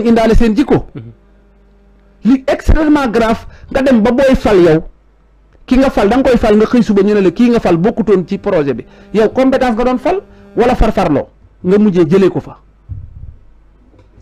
ngeen indaale seen jikko li extrêmement grave nga dem ba booy fal yow ki nga fal danga koy fal nga xëy suba ñu ne la kii nga fal bokkutoon ci projet bi yow compétence nga doon fal wala farfarloo nga mujjee jëlee ko fa.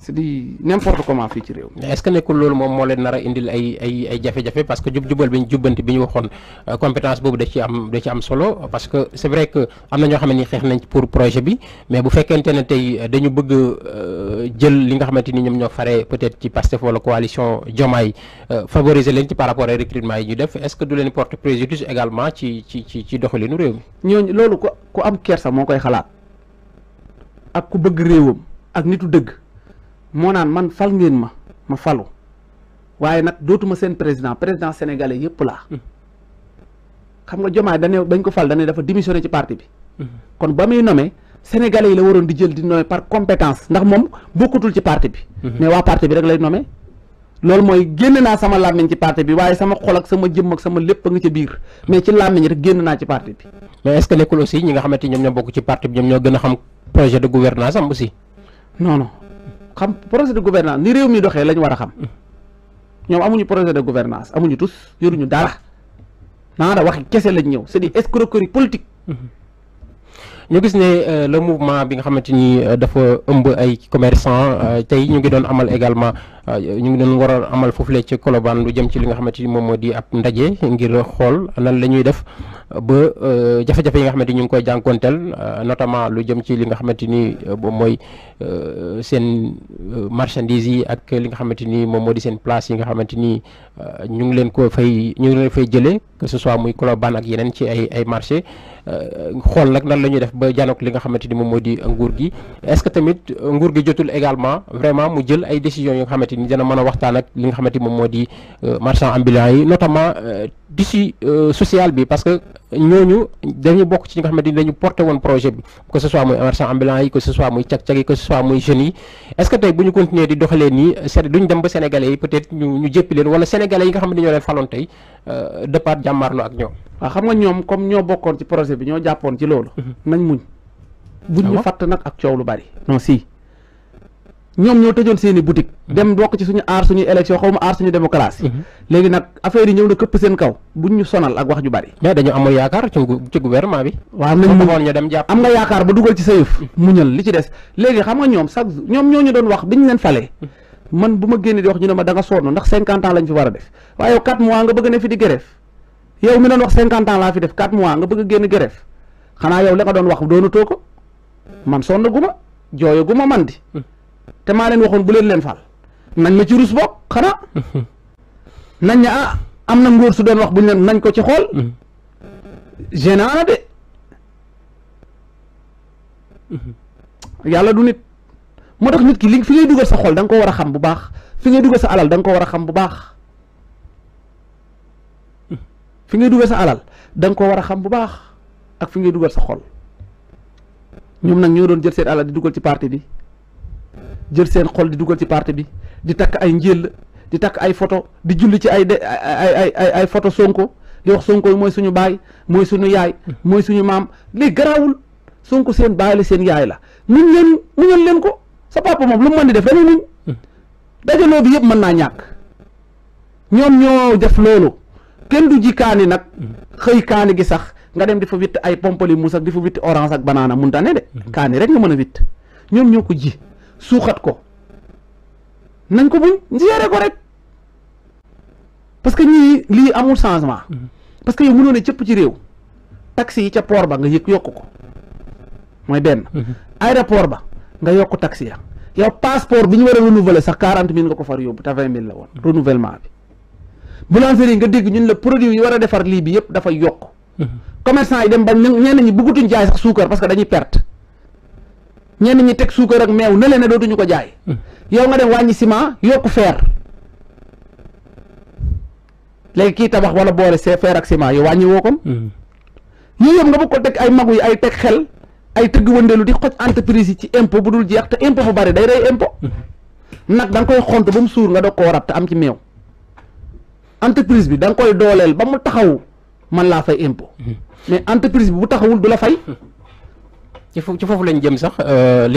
c'est n'importe comment fii ci mi. est ce que nekkul loolu moom moo leen indil ay ay ay jafé jafé parce que jub djubal biñ djubanti biñ waxone ñu euh, compétence bobu da ci am da ci am solo parce que c'est vrai que amna ño xamni xex nañ pour projet bi mais bu fekkente ne tay dañu bëgg euh, jël li nga xamante ñom ñoom ñoo peut être ci Pastef wala coalition Diomaye euh, favoriser leen ci par rapport ay recrutement yi ñu def est ce que du len porte préjudice également ci ci ci ci doxalinu rew mi. lolu ko ko am kersa mo koy xalat ak ku bëgg rewum ak nitu deug moo naan man fal ngeen ma ma falu waaye nag dootuma seen président président sénégalais yëpp laa mm. xam nga jomaay dane bañ ko fal dane dafa démissionné ci parti bi mm. kon ba muy nommé sénégalais yi la waroon di jël di nommé par compétence ndax moom bokkatul ci parti bi mm-hmm. mais waa parti bi rek lay nommé loolu mooy génn naa sama làmmiñ ci parti bi waaye sama xol ak sama jëmm ak sama lépp a nga ca biir mais ci làmmiñ rek génn naa ci parti bi mais est nekkul aussi ñi nga xamante ñoom ñoo bokk ci parti bi ñoom ñoo gën a xam projet de gouvernance am aussi non xam projet de gouvernance ni réew mi doxee lañ war a xam mm. ñoom amuñu projet de gouvernance amuñu tus yoruñu dara ah. naa da waxi kese lañ ñëw c'est des escroqueries politiques mm-hmm. ñu gis ne euh, le mouvement bi nga xamante ni euh, dafa ëmb ay commerçant euh, tey ñu ngi doon amal également ñu ngi doon war a amal foofule ci Colobane lu jëm ci li nga xamante ni moom moo di ab ndaje ngir xool nan la ñuy def ba jafe-jafe yi nga xamante ni ñu ngi koy jànkuwanteel notamment lu jëm ci li nga xamante nii moom mooy seen marchandises yi ak li nga xamante nii moom moo di seen place yi nga xamante ni ñu ngi leen ko fay ñu ngi leen fay jëlee que ce soit muy Colobane ak yeneen ci ay ay marché xool nag nan la ñuy def. ba janook li nga xamante ni moom moo di nguur gi est-ce que tamit nguur gi jotul également vraiment mu jël ay décisions yi nga xamante ni dana mën a waxtaan ak li nga xamante moom moo di euh, marchand ambulant yi notamment euh, tissu euh, social bi parce que ñooñu dañuy bokk ci ñi nga xamante ni dañu porté woon projet bi que ce soit muy marchand ambulant yi que ce soit muy cag-cag yi que ce soit muy jeunes yi est que tey bu ñu continuer di doxalee nii yi peut-être ñu ñu nga xamante ni ñoo tey Euh, départ jàmmaarloo ak ñoom. waaw xam nga ñoom comme ñoo bokkoon ci projet bi ñoo jàppoon ci loolu. Mhm. nañ muñ. buñ ah ñu fàtt nag ak coow lu bari. non si ñoom ñoo tëjoon seen i boutique. Mhm. dem bokk ci suñu aar suñuy élection xaw ma aar suñu démocratie. Mhm. léegi nag affaire ñëw na këpp seen kaw buñ ñu sonal ak wax ju bari. mais dañoo amoon yaakaar ci ci gouvernement bi. waaw nañ mu ñu dem jàpp. am nga yaakaar ba dugal ci sa yëf. li ci des léegi xam nga ñoom chaque ñoom ñoo ñu doon wax biñ leen falee. man bu ma génnee di wax ñu ne ma da nga sonn ndax 50 ans lañ fi war a def waaye yow 4 nga bëgg ne fi di grève yow mi doon wax 50 laa fi def 4 mois nga bëgg a génn xanaa yow la nga doon wax doonatoo ko man sonn gu ma jooyo gu ma man di te maa leen waxoon bu leen leen fal nañ la ci rus bokk xanaa nañ ne ah am na ngóor su doon wax bu buñ leen nañ ko ci xool mm-hmm. gênant de mm-hmm. yàlla du nit mo tax nit ki li fi ngay duggal sa xol dang ko wara xam bu baax fi ngay duggal sa alal dang ko wara xam bu baax fi ngay duggal sa alal dang ko wara xam bu baax ak fi ngay duggal sa xol ñoom nak ñu doon jël seen alal di duggal ci parti bi jël seen xol di duggal ci parti bi di tak ay njël di tak ay photo di julli ci ay de ay ay ay photo Sonko di wax Sonko moy suñu bay moy suñu yaay moy hmm. suñu mam li grawul Sonko seen bay la seen yaay la muñ len ko. papa moom lu mu mën def dañuy muñ dajaloo yëpp mën naa ñàkk ñoom ñoo def kenn du ji kaani nag xëy kaani gi sax nga dem di witt ay pompali muus ak di fa banaana munta ne de mm-hmm. kaani rek nga mën a witt ñoom ñoo ko ji suuxat ko nañ ko buñ gérer rek parce que ñii lii amul changement mm-hmm. parce que yow mënoo ne cëpp ci réew taxi yi ca port ba nga yëg yokk ko mooy benn mm-hmm. aéroport ba nga yokk taxi ya yow passeport bi ñu war a renouveler sax quarante mille nga ko far yóbbu te vingt mille la woon renouvellement bi boulangerie yi nga dégg ñun la produit yi war a defar lii bi yëpp dafa yokk mhm. commerçant yi dem ba ñenn ñi bëggatuñ jaay sax suukar parce que dañuy perte ñenn ñi teg suukar ak meew na leen ne dootuñu ko jaay mhm. yow nga dem wàññi ciment yokk fer léegi kii tabax wala boole see fer ak ciment yow wàññi woo kom mhm. nga bëgg ko teg ay magu ay xel ay tëgg wëndeelu di xoj entreprise yi ci impôt bu dul jeex te impôt bu bari day rey impôt nag da nga koy xont ba mu suur nga doog koo rab te am ci meew entreprise bi da nga koy dooleel ba mu taxaw man laa fay impôt hmm. mais entreprise bi bu taxawul du la fay hmm. ci foofu lañ jëm sax euh,